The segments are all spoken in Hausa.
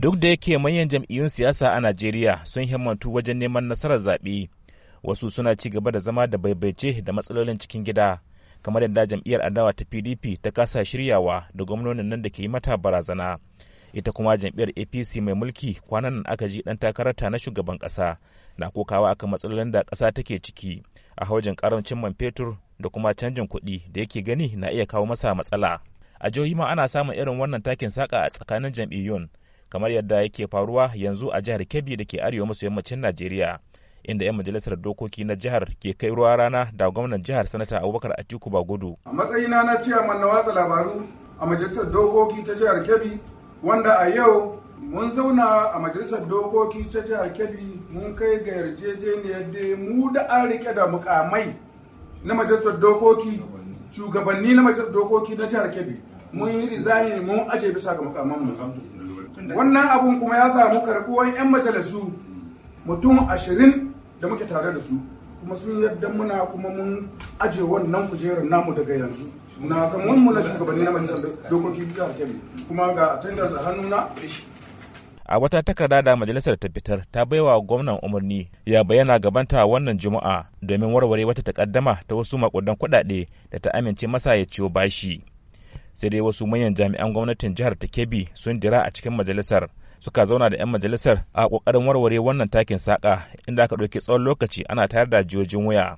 duk da yake manyan jam'iyyun siyasa a najeriya sun himmatu wajen neman nasarar zaɓe wasu suna ci gaba da zama da baibaice da matsalolin cikin gida kamar yadda jam'iyyar adawa ta pdp ta kasa shiryawa da gwamnonin nan da ke yi mata barazana ita kuma jam'iyyar apc mai mulki kwanan nan aka ji dan takarata na shugaban kasa na kokawa akan matsalolin da kasa take ciki a hawajin karancin man fetur da kuma canjin kuɗi da yake gani na iya kawo masa matsala a jihohi ma ana samun irin wannan takin saka a tsakanin jam'iyyun kamar yadda yake faruwa yanzu a jihar Kebbi da ke arewa maso yammacin Najeriya. inda 'yan majalisar dokoki na jihar ke kai ruwa rana da gwamnan jihar sanata abubakar atiku bagudu a matsayina na ciyaman na watsa labaru a majalisar dokoki ta jihar kebbi wanda a yau mun zauna a majalisar dokoki ta jihar kebbi mun kai ga yarjejeniyar da mu da an rike da mukamai na majalisar dokoki shugabanni na majalisar dokoki na jihar kebbi mun yi rizayin mun aje bisa ga makaman mu wannan abun kuma ya samu karbuwan yan majalisu mutum ashirin da muke tare da su kuma sun yadda muna kuma mun aje wannan kujerar namu daga yanzu na kaman mu na shugabanni na majalisar dokokin ke kebbi kuma ga attendance a hannuna a wata takarda da majalisar ta fitar ta baiwa gwamnan umarni ya bayyana gabanta wannan juma'a domin warware wata takaddama ta wasu makudan kudade da ta amince masa ya ciwo bashi sai dai wasu manyan jami'an gwamnatin jihar ta kebbi sun jira a cikin majalisar suka zauna da 'yan majalisar a kokarin warware wannan takin saƙa inda aka ɗauki tsawon lokaci ana tayar da jiyojin wuya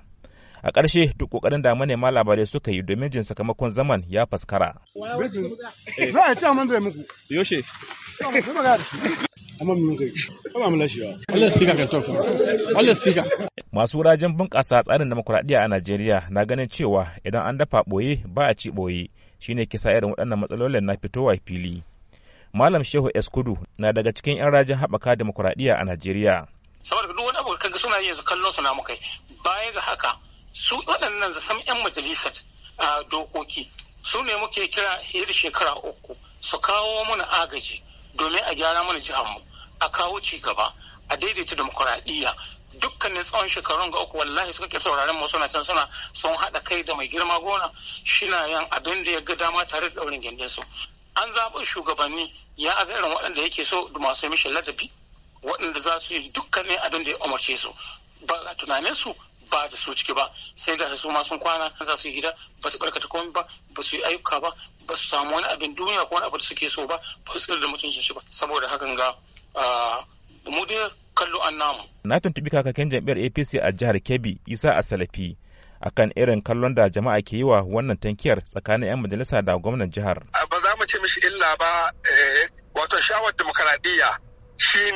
a ƙarshe duk ƙoƙarin da manema labarai suka yi domin jin sakamakon zaman ya faskara. masu rajin bunƙasa tsarin demokuraɗiyya a najeriya na ganin cewa idan an dafa ɓoye ba a ci ɓoye shine kisa irin waɗannan matsalolin na fitowa fili malam shehu eskudu na daga cikin 'yan rajin haɓaka demokuraɗiyya a najeriya saboda duk wani abu kaga suna yanzu kallon su na mukai baya ga haka su waɗannan zasan 'yan majalisar dokoki su ne muke kira fiye shekara uku su kawo mana agaji domin a gyara mana jihar mu a kawo ci gaba a daidaita demokuraɗiyya dukkanin tsawon shekarun ga uku wallahi suka ke sauraron mu suna can suna sun haɗa kai da mai girma gona shina yan abin da ya ga dama tare da ɗaurin gindin su an zaɓi shugabanni ya azarin waɗanda yake so da masu mishi ladabi waɗanda za su yi dukkanin abin da ya umarce su ba tunanin su ba da su ciki ba sai da su masu sun kwana za su yi gida ba su barkata komai ba ba su yi ayyuka ba ba su samu wani abin duniya ko wani abu da suke so ba ba su da mutuncin shi ba saboda hakan ga ah, mu kallo an namu. Na tuntubi kakakin jam'iyyar APC a jihar Kebbi Isa Asalafi akan irin kallon da jama'a ke yi wa wannan tankiyar tsakanin 'yan majalisa da gwamnan jihar. Ba za mu ce mishi illa ba eh, wato shawar demokaradiyya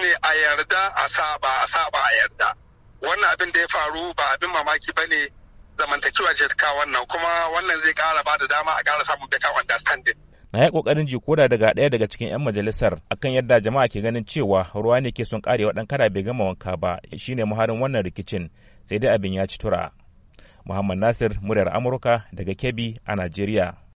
ne a yarda a saba a saba a yarda. Wannan abin da ya faru ba abin mamaki ba ne zamantakewa jirka wannan kuma wannan zai kara ba da dama a kara samun better understanding. na ya kokarin jikoda daga ɗaya daga cikin 'yan majalisar akan yadda jama'a ke ganin cewa ruwa ne ke son karewa dan kada bai gama wanka ba shine muharin wannan rikicin sai dai abin ya ci tura muhammad nasir muryar amurka daga kebbi a nigeria.